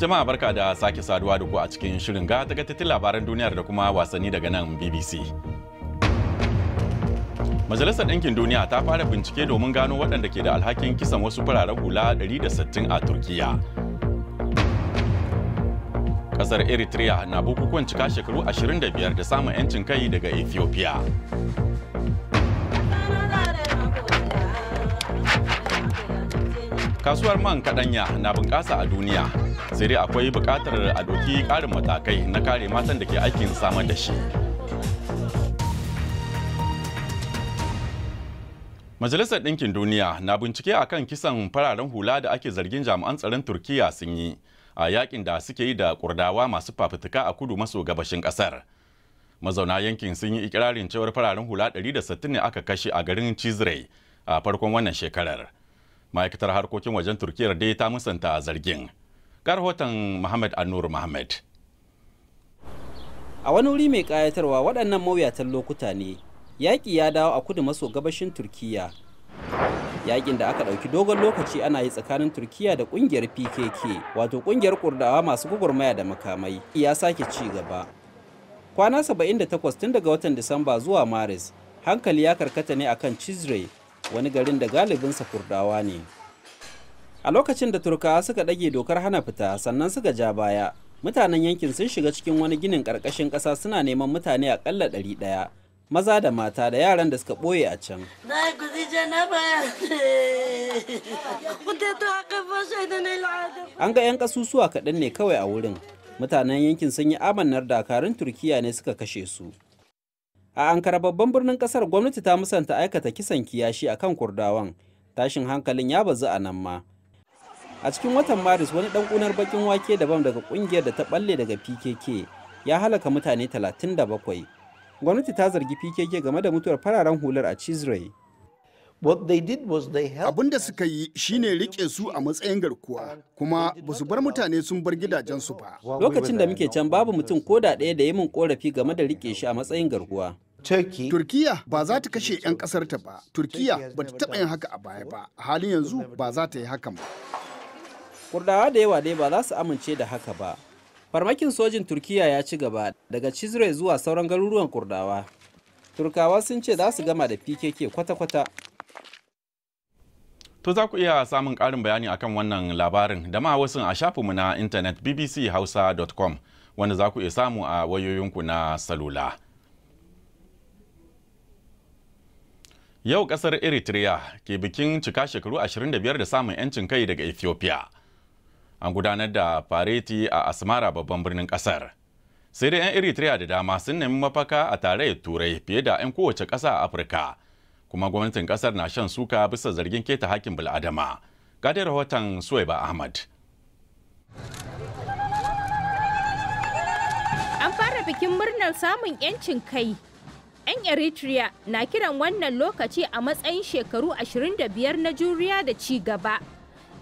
Jama'a barka da sake saduwa da ku a cikin shirin ga tagatattun labaran duniyar da kuma wasanni daga nan BBC. Majalisar Ɗinkin Duniya ta fara bincike domin gano waɗanda ke da alhakin kisan wasu fararen hula 160 a Turkiyya. Ƙasar Eritrea na bukukuwan cika shekaru 25 da samun 'yancin kai daga Ethiopia. kasuwar man kaɗanya na bunƙasa a duniya sai dai akwai buƙatar a doki ƙarin matakai na kare matan da ke aikin samar da shi majalisar ɗinkin duniya na bincike a kan kisan fararen hula da ake zargin jami'an tsaron turkiya sun yi a yakin da suke yi da kurdawa masu fafutuka a kudu maso gabashin ƙasar mazauna yankin sun yi ikirarin cewar fararen hula 160 ne aka kashe a garin cizre a farkon wannan shekarar ma'aikatar harkokin wajen turkiyar dai ta musanta zargin ga rahoton muhammad annur muhammad a wani wuri mai kayatarwa waɗannan mawuyatan lokuta ne yaƙi ya dawo a kudu maso gabashin turkiya yaƙin da aka ɗauki dogon lokaci ana yi tsakanin turkiya da ƙungiyar pkk wato ƙungiyar kurdawa masu gwagwarmaya da makamai ya sake ci gaba kwana 78 tun daga watan disamba zuwa maris hankali ya karkata ne akan cizre wani garin da galibinsa kurdawa ne a lokacin da turkawa suka ɗage dokar hana fita sannan suka ja baya mutanen yankin sun shiga cikin wani ginin ƙarƙashin ƙasa suna neman mutane aƙalla ɗari ɗaya maza da mata da yaran da suka ɓoye a can an ga 'yan ƙasusuwa kaɗan ne kawai a wurin mutanen yankin sun yi amannar dakarun turkiyya ne suka kashe su A Ankara babban birnin kasar gwamnati ta musanta aikata kisan kiyashi a kan Kurdawan, tashin hankalin ya bazu a nan ma. A cikin watan Maris wani dan kunar bakin wake daban daga kungiyar da ta balle daga PKK ya halaka mutane 37. Gwamnati ta zargi PKK game da mutuwar fararen hular a Cizre. Abin da suka yi shine rike su a matsayin garkuwa kuma ba su bar mutane sun bar gidajensu ba. Lokacin da muke can babu mutum ko da ɗaya da yi min korafi game da rike shi a matsayin garkuwa. Turkey. Turkiya ba za ta kashe 'yan ƙasarta ba. Turkiya ba ta taɓa yin haka a baya ba. halin yanzu ba za ta yi hakan ba. Kurdawa da yawa dai ba za su amince da haka ba. Farmakin sojin Turkiya ya ci gaba daga Cizre zuwa sauran garuruwan Kurdawa. Turkawa sun ce za su gama da PKK kwata-kwata. To za ku iya samun ƙarin bayani akan wannan labarin da ma wasu a shafinmu na intanet bbchausa.com wanda za ku iya samu a wayoyinku na salula. Yau kasar Eritrea ke bikin cika shekaru 25 da samun 'yancin kai daga Ethiopia. An gudanar da fareti a Asmara babban birnin kasar. Sai dai 'yan Eritrea da dama sun nemi mafaka a tare tarayyar Turai fiye da 'yan kowace ƙasa a Afirka. Kuma gwamnatin kasar na shan suka bisa zargin keta hakkin bil'adama. Gadai rahoton Suwaiba Ahmad. An fara bikin murnar samun 'yancin kai 'Yan Eritrea na kiran wannan lokaci a matsayin shekaru 25 na juriya da ci gaba.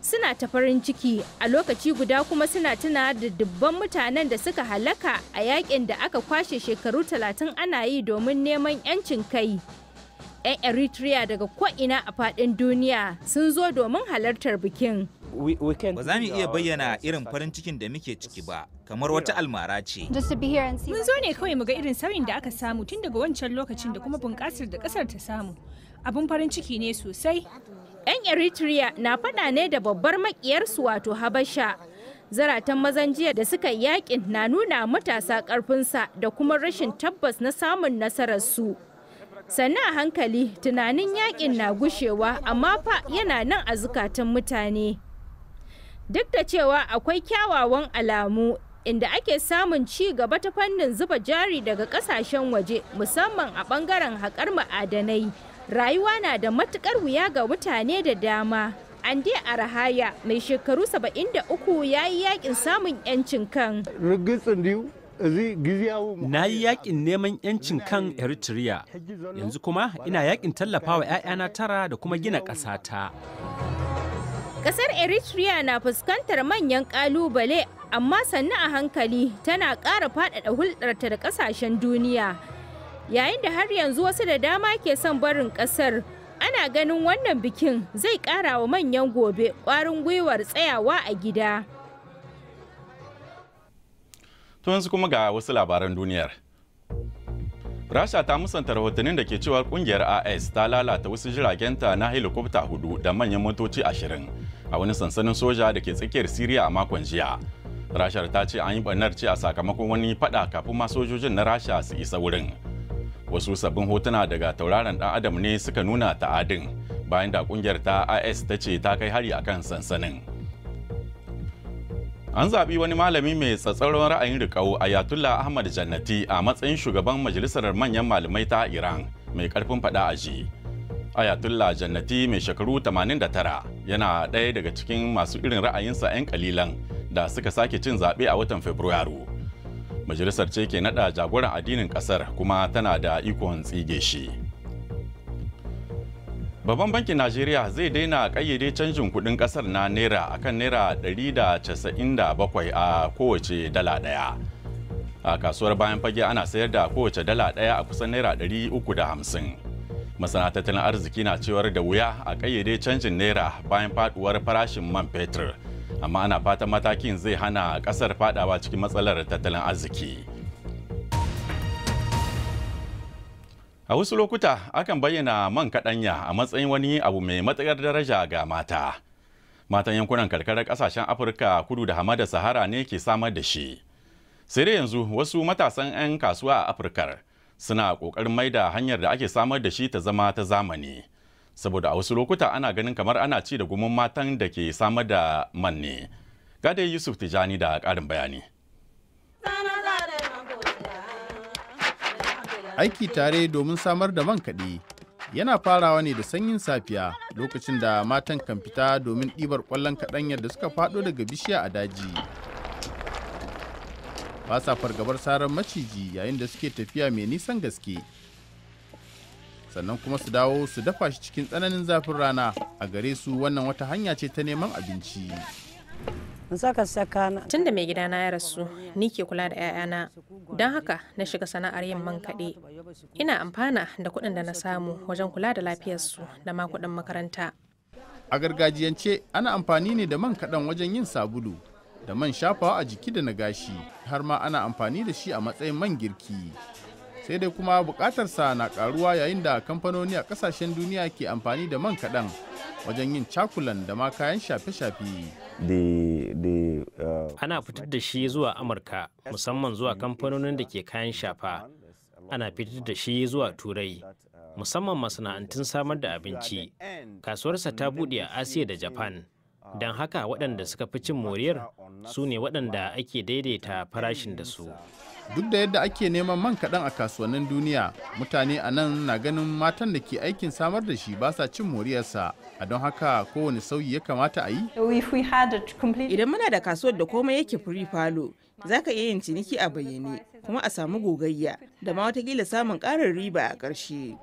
Suna ta farin ciki a lokaci guda kuma suna tuna da dubban mutanen da suka halaka a yakin da aka kwashe shekaru 30 ana yi domin neman 'yancin kai. 'Yan Eritrea daga ko'ina a faɗin duniya sun zo domin halartar bikin. Ba iya bayyana irin farin cikin da muke ciki ba, kamar wata almara ce. Mun zo ne kawai muga irin sauyin da aka samu tun daga wancan lokacin da kuma bunƙasar da ƙasar ta samu. Abun farin ciki ne sosai. 'Yan Eritrea na faɗa ne da babbar maƙiyarsu wato Habasha. Zaratan mazan jiya da suka yakin na nuna matasa ƙarfinsa da kuma rashin tabbas na samun nasararsu. sannan a hankali tunanin yakin na gushewa amma fa yana nan a zukatan mutane. duk da cewa akwai kyawawan alamu inda ake samun ci gaba ta fannin zuba jari daga kasashen waje musamman a bangaren haƙar ma'adanai rayuwa na da matuƙar wuya ga mutane da dama ande arahaya mai shekaru 73 ya yi yakin samun yancin kan na yi yakin neman yancin kan eritrea yanzu kuma ina yakin wa 'ya'yana tara da kuma gina ƙasata. Kasar Eritrea na fuskantar manyan kalubale amma sannu a hankali tana ƙara faɗaɗa hulɗarta da ƙasashen duniya. Yayin da har yanzu wasu da dama ke son barin ƙasar, ana ganin wannan bikin zai ƙara wa manyan gobe ƙwarin gwiwar tsayawa a gida. yanzu kuma ga wasu labaran duniyar. Rasha ta musanta rahotannin da ke cewa kungiyar AS ta lalata wasu jiragenta na helikwafta hudu da manyan motoci ashirin a wani sansanin soja da ke tsakiyar Siriya a makon jiya. Rashar ta ce an yi barnar ce a sakamakon wani fada kafin ma sojojin na Rasha su isa wurin. Wasu sabbin hotuna daga tauraron dan Adam ne suka nuna ta'adin bayan da kungiyar ta IS ta ce ta kai hari akan sansanin. An zaɓi wani malami mai tsatsauran ra'ayin riƙau Ayatullah Ahmad Jannati a matsayin shugaban majalisar manyan malamai ta Iran mai ƙarfin faɗa a ji. ayatullah jannati mai shekaru 89 yana ɗaya daga cikin masu irin ra'ayinsa 'yan kalilan da suka sake cin zaɓe a watan fabrairu majalisar ce ke naɗa jagoran addinin ƙasar kuma tana da ikon tsige shi babban bankin najeriya zai daina ƙayyade canjin kuɗin ƙasar na naira akan naira 197 a kowace dala ɗaya a kasuwar bayan fage ana sayar da kowace dala ɗaya a kusan naira 350 masana tattalin arziki na cewar da wuya a kayyade canjin naira bayan faduwar farashin man fetur amma ana fatan matakin zai hana kasar fadawa cikin matsalar tattalin arziki a wasu lokuta akan bayyana man kaɗanya a matsayin wani abu mai matsayar daraja ga mata matan yankunan karkarar kasashen afirka kudu da hamada sahara ne ke samar da shi sai dai yanzu wasu matasan 'yan kasuwa a afirkar suna ƙoƙarin mai da hanyar da ake samar da shi ta zama ta zamani saboda a wasu lokuta ana ganin kamar ana ci da gumin matan da ke samar da man ne gada yusuf tijani da ƙarin bayani aiki tare domin samar da man kaɗi yana farawa ne da sanyin safiya lokacin da matan kan fita domin ɗibar ƙwallon kaɗanyar da suka faɗo daga bishiya a daji ba sa fargabar sarar maciji yayin da suke tafiya mai nisan gaske sannan kuma su dawo su dafa shi cikin tsananin zafin rana a gare su wannan wata hanya ce ta neman abinci tun da mai gidana ya rasu ni ke kula da 'ya'yana don haka na shiga sana'ar yin man kaɗe ina amfana da kuɗin da na samu wajen kula da lafiyarsu da ma kuɗin makaranta a gargajiyance ana amfani ne da man kaɗan wajen yin sabulu da man shafawa a jiki da na gashi har ma ana amfani da shi a matsayin man girki sai dai kuma bukatarsa na karuwa yayin da kamfanoni a kasashen duniya ke amfani da man kaɗan wajen yin cakulan da ma kayan shafe-shafe uh, ana fitar da shi zuwa amurka musamman zuwa kamfanonin da ke kayan shafa ana fitar da shi zuwa turai musamman masana'antun samar da abinci kasuwarsa ta buɗe a asiya da japan don haka waɗanda suka fi cin moriyar su ne waɗanda ake daidaita farashin da su duk da yadda ake neman man kaɗan a kasuwannin duniya mutane a nan na ganin matan da ke aikin samar da shi ba sa cin moriyarsa a don haka kowane sauyi ya kamata a yi idan muna da kasuwar da komai yake firi falo za ka iya yin ciniki a bayyane kuma a samu gogayya da ma watakila samun ƙarin riba a ƙarshe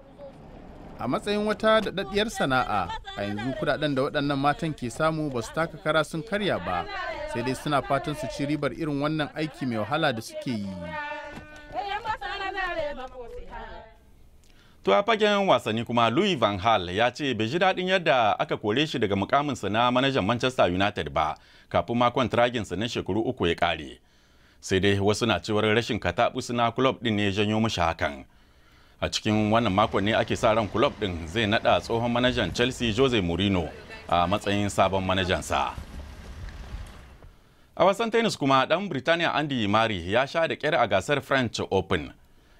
a matsayin wata daɗaɗɗiyar sana'a a yanzu kudaden da waɗannan matan ke samu ba su taka kara sun karya ba sai dai suna fatan su ci ribar irin wannan aiki mai wahala da suke yi To a fagen wasanni kuma Louis Van Hal ya ce bai ji daɗin yadda aka kore shi daga mukaminsa na manajan Manchester United ba kafin makon traginsa na shekaru uku ya ƙare. Sai dai wasu na cewar rashin katabu suna club ɗin ne ya janyo mashi hakan. a cikin wannan makon ne ake sa ran kulob din zai nada tsohon manajan chelsea jose mourinho a matsayin sabon manajansa a wasan tennis kuma dan birtaniya andy mari ya sha da kyar a gasar french open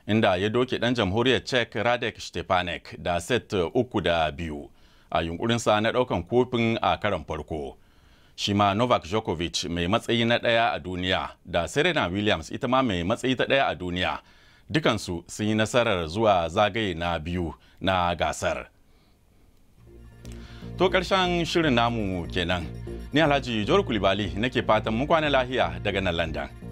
inda ya doke dan jamhuriyar czech radek stepanek da set uku da biyu a yunkurinsa na daukan kofin a karon farko shi ma novak djokovic mai matsayi na daya a duniya da serena williams ita ma mai matsayi ta daya a duniya dukansu sun yi nasarar zuwa zagaye na biyu na gasar to ƙarshen shirin namu kenan ni alhaji jor kulibali nake fatan mu kwana lahiya daga nan landan